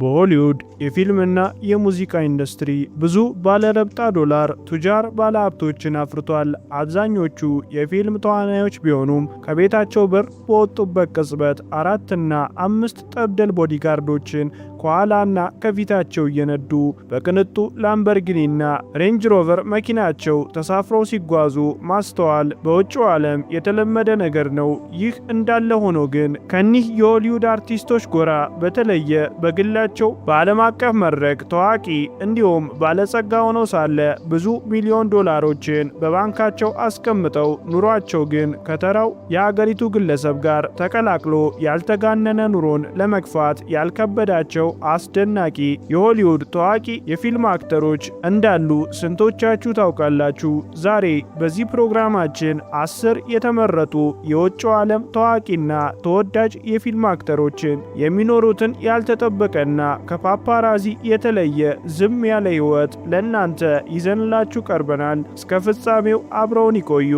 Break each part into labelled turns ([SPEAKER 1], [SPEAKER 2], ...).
[SPEAKER 1] በሆሊውድ የፊልምና የሙዚቃ ኢንዱስትሪ ብዙ ባለረብጣ ዶላር ቱጃር ባለሀብቶችን አፍርቷል። አብዛኞቹ የፊልም ተዋናዮች ቢሆኑም ከቤታቸው በር በወጡበት ቅጽበት አራትና አምስት ጠብደል ቦዲጋርዶችን ከኋላና ከፊታቸው እየነዱ በቅንጡ ላምበርጊኒና ሬንጅ ሮቨር መኪናቸው ተሳፍረው ሲጓዙ ማስተዋል በውጭው ዓለም የተለመደ ነገር ነው። ይህ እንዳለ ሆኖ ግን ከኒህ የሆሊውድ አርቲስቶች ጎራ በተለየ በግላቸው በዓለም አቀፍ መድረክ ታዋቂ እንዲሁም ባለጸጋ ሆነው ሳለ ብዙ ሚሊዮን ዶላሮችን በባንካቸው አስቀምጠው ኑሯቸው ግን ከተራው የአገሪቱ ግለሰብ ጋር ተቀላቅሎ ያልተጋነነ ኑሮን ለመግፋት ያልከበዳቸው አስደናቂ የሆሊውድ ታዋቂ የፊልም አክተሮች እንዳሉ ስንቶቻችሁ ታውቃላችሁ? ዛሬ በዚህ ፕሮግራማችን አስር የተመረጡ የውጭው ዓለም ታዋቂና ተወዳጅ የፊልም አክተሮችን የሚኖሩትን ያልተጠበቀና ከፓፓራዚ የተለየ ዝም ያለ ሕይወት ለእናንተ ይዘንላችሁ ቀርበናል። እስከ ፍጻሜው አብረውን ይቆዩ።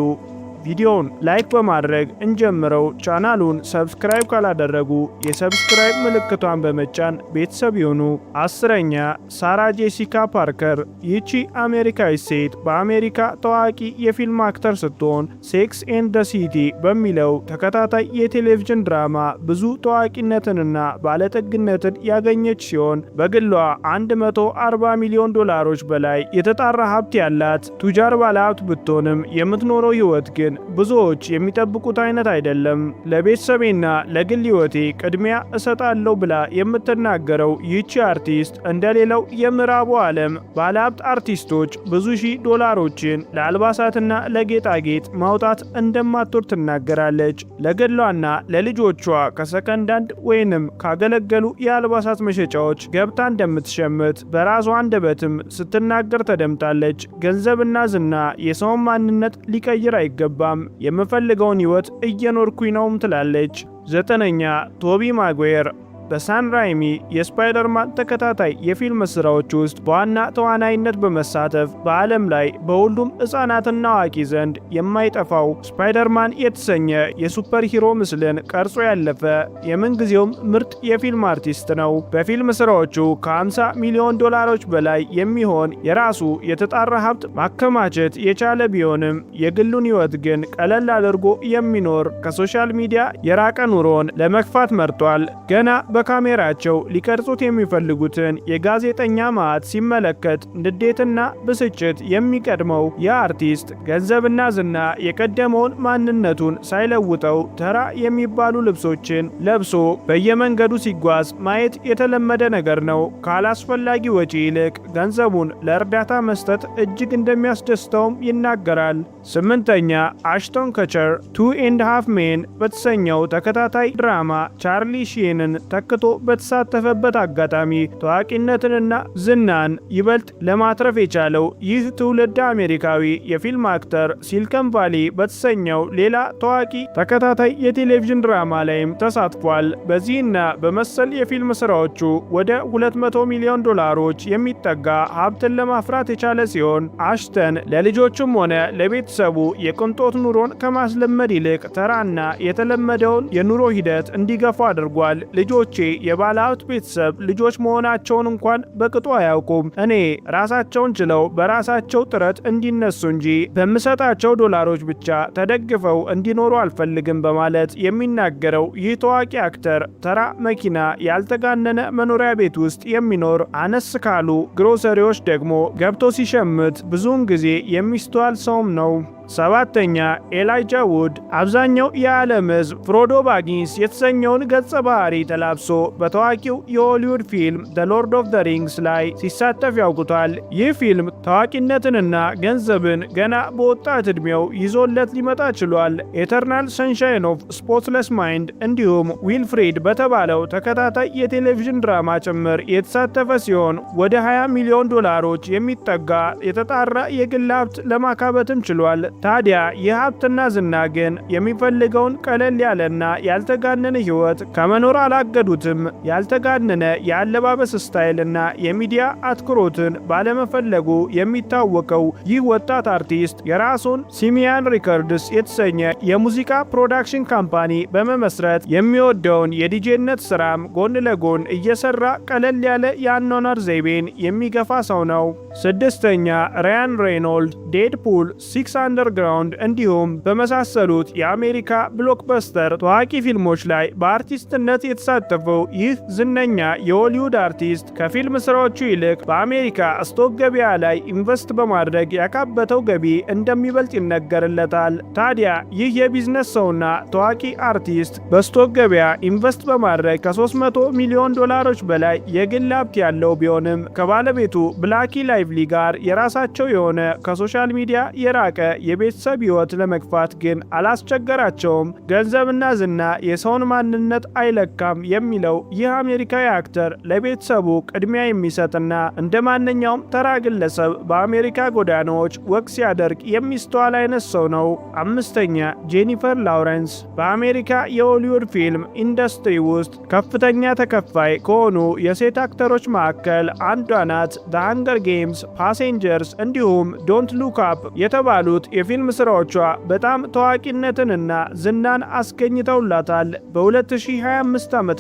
[SPEAKER 1] ቪዲዮውን ላይክ በማድረግ እንጀምረው። ቻናሉን ሰብስክራይብ ካላደረጉ የሰብስክራይብ ምልክቷን በመጫን ቤተሰብ ይሁኑ። አስረኛ ሳራ ጄሲካ ፓርከር። ይቺ አሜሪካዊ ሴት በአሜሪካ ታዋቂ የፊልም አክተር ስትሆን ሴክስ ኤንድ ደ ሲቲ በሚለው ተከታታይ የቴሌቪዥን ድራማ ብዙ ታዋቂነትንና ባለጠግነትን ያገኘች ሲሆን በግሏ 140 ሚሊዮን ዶላሮች በላይ የተጣራ ሀብት ያላት ቱጃር ባለሀብት ብትሆንም የምትኖረው ህይወት ግን ግን ብዙዎች የሚጠብቁት አይነት አይደለም። ለቤተሰቤና ለግል ህይወቴ ቅድሚያ እሰጣለሁ ብላ የምትናገረው ይቺ አርቲስት እንደሌላው የምዕራቡ ዓለም ባለሀብት አርቲስቶች ብዙ ሺህ ዶላሮችን ለአልባሳትና ለጌጣጌጥ ማውጣት እንደማትወር ትናገራለች። ለገድሏና ለልጆቿ ከሰከንዳንድ ወይንም ካገለገሉ የአልባሳት መሸጫዎች ገብታ እንደምትሸምት በራሷ አንደበትም ስትናገር ተደምጣለች። ገንዘብና ዝና የሰውን ማንነት ሊቀይር አይገባም። አልገባም፣ የምፈልገውን ሕይወት እየኖርኩኝ ነውም ትላለች። ዘጠነኛ ቶቢ ማጎየር በሳን ራይሚ የስፓይደርማን ተከታታይ የፊልም ስራዎች ውስጥ በዋና ተዋናይነት በመሳተፍ በዓለም ላይ በሁሉም ሕፃናትና አዋቂ ዘንድ የማይጠፋው ስፓይደርማን የተሰኘ የሱፐር ሂሮ ምስልን ቀርጾ ያለፈ የምንጊዜውም ምርጥ የፊልም አርቲስት ነው። በፊልም ስራዎቹ ከ50 ሚሊዮን ዶላሮች በላይ የሚሆን የራሱ የተጣራ ሀብት ማከማቸት የቻለ ቢሆንም የግሉን ሕይወት ግን ቀለል አድርጎ የሚኖር ከሶሻል ሚዲያ የራቀ ኑሮን ለመግፋት መርጧል። ገና በካሜራቸው ሊቀርጹት የሚፈልጉትን የጋዜጠኛ ማዕት ሲመለከት ንዴትና ብስጭት የሚቀድመው የአርቲስት ገንዘብና ዝና የቀደመውን ማንነቱን ሳይለውጠው ተራ የሚባሉ ልብሶችን ለብሶ በየመንገዱ ሲጓዝ ማየት የተለመደ ነገር ነው። ካላስፈላጊ ወጪ ይልቅ ገንዘቡን ለእርዳታ መስጠት እጅግ እንደሚያስደስተውም ይናገራል። ስምንተኛ አሽቶን ከቸር ቱ ኤንድ ሃፍ ሜን በተሰኘው ተከታታይ ድራማ ቻርሊ ሺንን አበርክቶ በተሳተፈበት አጋጣሚ ታዋቂነትንና ዝናን ይበልጥ ለማትረፍ የቻለው ይህ ትውልድ አሜሪካዊ የፊልም አክተር ሲልከን ቫሊ በተሰኘው ሌላ ታዋቂ ተከታታይ የቴሌቪዥን ድራማ ላይም ተሳትፏል። በዚህና በመሰል የፊልም ስራዎቹ ወደ 200 ሚሊዮን ዶላሮች የሚጠጋ ሀብትን ለማፍራት የቻለ ሲሆን አሽተን ለልጆቹም ሆነ ለቤተሰቡ የቅንጦት ኑሮን ከማስለመድ ይልቅ ተራና የተለመደውን የኑሮ ሂደት እንዲገፉ አድርጓል። ልጆች ልጆቼ የባለሀብት ቤተሰብ ልጆች መሆናቸውን እንኳን በቅጡ አያውቁም። እኔ ራሳቸውን ችለው በራሳቸው ጥረት እንዲነሱ እንጂ በምሰጣቸው ዶላሮች ብቻ ተደግፈው እንዲኖሩ አልፈልግም በማለት የሚናገረው ይህ ታዋቂ አክተር ተራ መኪና፣ ያልተጋነነ መኖሪያ ቤት ውስጥ የሚኖር አነስ ካሉ ግሮሰሪዎች ደግሞ ገብቶ ሲሸምት ብዙውን ጊዜ የሚስተዋል ሰውም ነው። ሰባተኛ ኤላይጃ ውድ አብዛኛው የዓለም ህዝብ ፍሮዶ ባጊንስ የተሰኘውን ገጸ ባህሪ ተላብሶ በታዋቂው የሆሊውድ ፊልም ደ ሎርድ ኦፍ ዘ ሪንግስ ላይ ሲሳተፍ ያውቁታል። ይህ ፊልም ታዋቂነትንና ገንዘብን ገና በወጣት ዕድሜው ይዞለት ሊመጣ ችሏል። ኤተርናል ሰንሻይን ኦፍ ስፖትለስ ማይንድ እንዲሁም ዊልፍሪድ በተባለው ተከታታይ የቴሌቪዥን ድራማ ጭምር የተሳተፈ ሲሆን ወደ 20 ሚሊዮን ዶላሮች የሚጠጋ የተጣራ የግል ሀብት ለማካበትም ችሏል። ታዲያ ይህ ሀብትና ዝና ግን የሚፈልገውን ቀለል ያለና ያልተጋነነ ህይወት ከመኖር አላገዱትም። ያልተጋነነ የአለባበስ ስታይልና የሚዲያ አትኩሮትን ባለመፈለጉ የሚታወቀው ይህ ወጣት አርቲስት የራሱን ሲሚያን ሪከርድስ የተሰኘ የሙዚቃ ፕሮዳክሽን ካምፓኒ በመመስረት የሚወደውን የዲጄነት ስራም ጎን ለጎን እየሰራ ቀለል ያለ የአኗኗር ዘይቤን የሚገፋ ሰው ነው። ስድስተኛ ራያን ሬኖልድ ዴድፑል 600 አንደርግራውንድ እንዲሁም በመሳሰሉት የአሜሪካ ብሎክበስተር ታዋቂ ፊልሞች ላይ በአርቲስትነት የተሳተፈው ይህ ዝነኛ የሆሊውድ አርቲስት ከፊልም ስራዎቹ ይልቅ በአሜሪካ ስቶክ ገበያ ላይ ኢንቨስት በማድረግ ያካበተው ገቢ እንደሚበልጥ ይነገርለታል። ታዲያ ይህ የቢዝነስ ሰውና ታዋቂ አርቲስት በስቶክ ገበያ ኢንቨስት በማድረግ ከ300 ሚሊዮን ዶላሮች በላይ የግል ሀብት ያለው ቢሆንም ከባለቤቱ ብላኪ ላይቭሊ ጋር የራሳቸው የሆነ ከሶሻል ሚዲያ የራቀ የቤተሰብ ሕይወት ለመግፋት ግን አላስቸገራቸውም። ገንዘብና ዝና የሰውን ማንነት አይለካም የሚለው ይህ አሜሪካዊ አክተር ለቤተሰቡ ቅድሚያ የሚሰጥና እንደ ማንኛውም ተራ ግለሰብ በአሜሪካ ጎዳናዎች ወግ ሲያደርግ የሚስተዋል አይነት ሰው ነው። አምስተኛ ጄኒፈር ላውረንስ በአሜሪካ የሆሊውድ ፊልም ኢንዱስትሪ ውስጥ ከፍተኛ ተከፋይ ከሆኑ የሴት አክተሮች መካከል አንዷ ናት። ዘ ሃንገር ጌምስ፣ ፓሴንጀርስ እንዲሁም ዶንት ሉክ አፕ የተባሉት የፊልም ሥራዎቿ በጣም ታዋቂነትንና ዝናን አስገኝተውላታል። በ2025 ዓ ም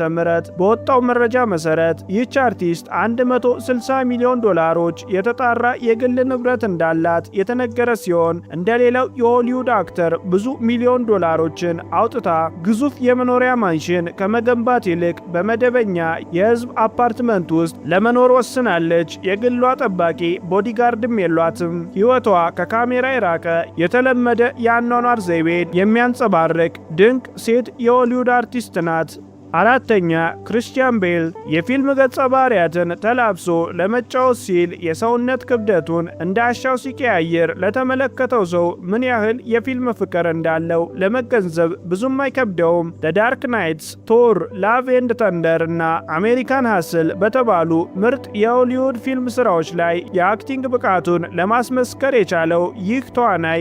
[SPEAKER 1] በወጣው መረጃ መሠረት ይህች አርቲስት 160 ሚሊዮን ዶላሮች የተጣራ የግል ንብረት እንዳላት የተነገረ ሲሆን እንደሌላው የሆሊውድ አክተር ብዙ ሚሊዮን ዶላሮችን አውጥታ ግዙፍ የመኖሪያ ማንሽን ከመገንባት ይልቅ በመደበኛ የህዝብ አፓርትመንት ውስጥ ለመኖር ወስናለች። የግሏ ጠባቂ ቦዲጋርድም የሏትም። ሕይወቷ ከካሜራ የራቀ የተለመደ የአኗኗር ዘይቤን የሚያንጸባርቅ ድንቅ ሴት የሆሊውድ አርቲስት ናት። አራተኛ ክርስቲያን ቤል የፊልም ገጸ ባህሪያትን ተላብሶ ለመጫወት ሲል የሰውነት ክብደቱን እንዳሻው ሲቀያየር ለተመለከተው ሰው ምን ያህል የፊልም ፍቅር እንዳለው ለመገንዘብ ብዙም አይከብደውም። ዳርክ ናይትስ፣ ቶር፣ ላቭ ኤንድ ተንደር እና አሜሪካን ሀስል በተባሉ ምርጥ የሆሊውድ ፊልም ስራዎች ላይ የአክቲንግ ብቃቱን ለማስመስከር የቻለው ይህ ተዋናይ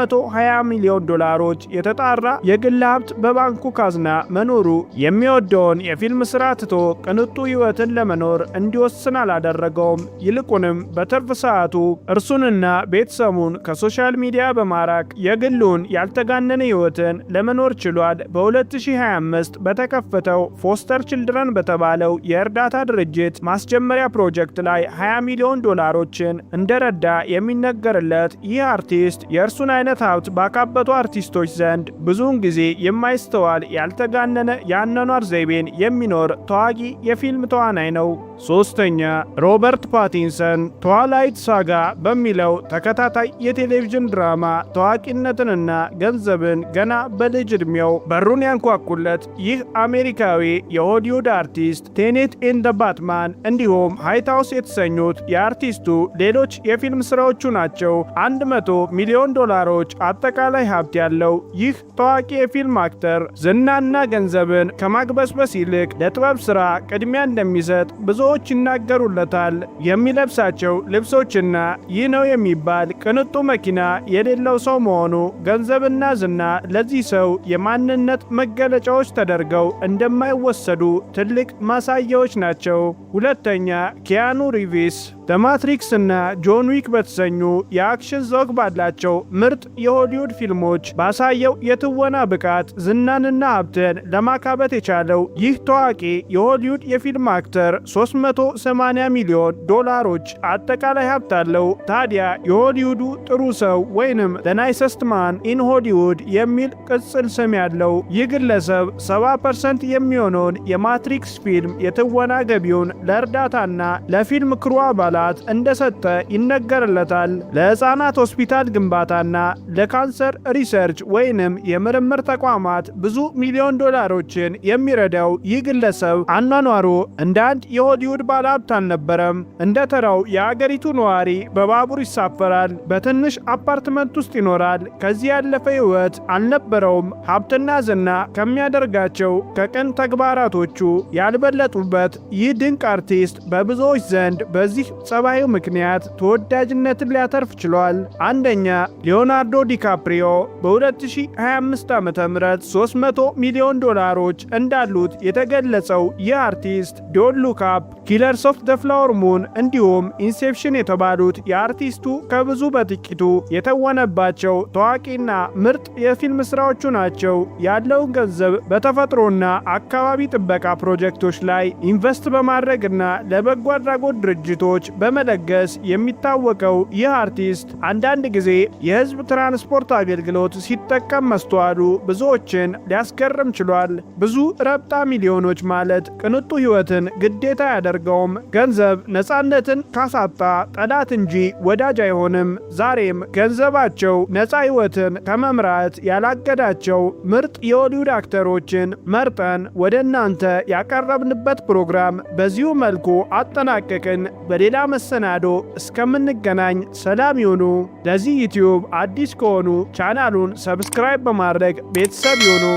[SPEAKER 1] 120 ሚሊዮን ዶላሮች የተጣራ የግል ሀብት በባንኩ ካዝና መኖሩ የሚ የሚወደውን የፊልም ሥራ ትቶ ቅንጡ ሕይወትን ለመኖር እንዲወስን አላደረገውም። ይልቁንም በትርፍ ሰዓቱ እርሱንና ቤተሰቡን ከሶሻል ሚዲያ በማራቅ የግሉን ያልተጋነነ ሕይወትን ለመኖር ችሏል። በ2025 በተከፈተው ፎስተር ችልድረን በተባለው የእርዳታ ድርጅት ማስጀመሪያ ፕሮጀክት ላይ 20 ሚሊዮን ዶላሮችን እንደረዳ የሚነገርለት ይህ አርቲስት የእርሱን አይነት ሀብት ባካበቱ አርቲስቶች ዘንድ ብዙውን ጊዜ የማይስተዋል ያልተጋነነ ያነኗ የአኗኗር ዘይቤን የሚኖር ታዋቂ የፊልም ተዋናይ ነው። ሶስተኛ ሮበርት ፓቲንሰን ትዋላይት ሳጋ በሚለው ተከታታይ የቴሌቪዥን ድራማ ታዋቂነትንና ገንዘብን ገና በልጅ ዕድሜው በሩን ያንኳኩለት ይህ አሜሪካዊ የሆሊውድ አርቲስት ቴኔት ኤን ደ ባትማን እንዲሁም ዋይት ሃውስ የተሰኙት የአርቲስቱ ሌሎች የፊልም ስራዎቹ ናቸው። 100 ሚሊዮን ዶላሮች አጠቃላይ ሀብት ያለው ይህ ታዋቂ የፊልም አክተር ዝናና ገንዘብን ከማ ከማግበስበስ ይልቅ ለጥበብ ሥራ ቅድሚያ እንደሚሰጥ ብዙዎች ይናገሩለታል። የሚለብሳቸው ልብሶችና ይህ ነው የሚባል ቅንጡ መኪና የሌለው ሰው መሆኑ ገንዘብና ዝና ለዚህ ሰው የማንነት መገለጫዎች ተደርገው እንደማይወሰዱ ትልቅ ማሳያዎች ናቸው። ሁለተኛ ኪያኑ ሪቪስ ተማትሪክስ እና ጆን ዊክ በተሰኙ የአክሽን ዘውግ ባላቸው ምርጥ የሆሊውድ ፊልሞች ባሳየው የትወና ብቃት ዝናንና ሀብትን ለማካበት የቻለው ይህ ታዋቂ የሆሊውድ የፊልም አክተር 380 ሚሊዮን ዶላሮች አጠቃላይ ሀብት አለው። ታዲያ የሆሊውዱ ጥሩ ሰው ወይንም ደናይሰስት ማን ኢን ሆሊውድ የሚል ቅጽል ስም ያለው ይህ ግለሰብ 70 ፐርሰንት የሚሆነውን የማትሪክስ ፊልም የትወና ገቢውን ለእርዳታና ለፊልም ክሩ አባላት አካላት እንደሰጠ ይነገርለታል። ለሕፃናት ሆስፒታል ግንባታና ለካንሰር ሪሰርች ወይንም የምርምር ተቋማት ብዙ ሚሊዮን ዶላሮችን የሚረዳው ይህ ግለሰብ አኗኗሩ እንደ አንድ የሆሊውድ ባለሀብት አልነበረም። እንደ ተራው የአገሪቱ ነዋሪ በባቡር ይሳፈራል፣ በትንሽ አፓርትመንት ውስጥ ይኖራል። ከዚህ ያለፈ ሕይወት አልነበረውም። ሀብትና ዝና ከሚያደርጋቸው ከቅን ተግባራቶቹ ያልበለጡበት ይህ ድንቅ አርቲስት በብዙዎች ዘንድ በዚህ ጸባዩ ምክንያት ተወዳጅነትን ሊያተርፍ ችሏል። አንደኛ ሊዮናርዶ ዲካፕሪዮ በ2025 ዓ ም 300 ሚሊዮን ዶላሮች እንዳሉት የተገለጸው ይህ አርቲስት ዶን ሉክ አፕ ኪለርስ ኦፍ ዘ ፍላወር ሙን እንዲሁም ኢንሴፕሽን የተባሉት የአርቲስቱ ከብዙ በጥቂቱ የተወነባቸው ታዋቂና ምርጥ የፊልም ስራዎቹ ናቸው። ያለውን ገንዘብ በተፈጥሮና አካባቢ ጥበቃ ፕሮጀክቶች ላይ ኢንቨስት በማድረግና ለበጎ አድራጎት ድርጅቶች በመለገስ የሚታወቀው ይህ አርቲስት አንዳንድ ጊዜ የህዝብ ትራንስፖርት አገልግሎት ሲጠቀም መስተዋሉ ብዙዎችን ሊያስገርም ችሏል። ብዙ ረብጣ ሚሊዮኖች ማለት ቅንጡ ህይወትን ግዴታ ያደርጋል የሚያደርገውም ገንዘብ ነፃነትን ካሳጣ ጠላት እንጂ ወዳጅ አይሆንም። ዛሬም ገንዘባቸው ነፃ ህይወትን ከመምራት ያላገዳቸው ምርጥ የሆሊውድ አክተሮችን መርጠን ወደ እናንተ ያቀረብንበት ፕሮግራም በዚሁ መልኩ አጠናቀቅን። በሌላ መሰናዶ እስከምንገናኝ ሰላም ይሁኑ። ለዚህ ዩትዩብ አዲስ ከሆኑ ቻናሉን ሰብስክራይብ በማድረግ ቤተሰብ ይሁኑ።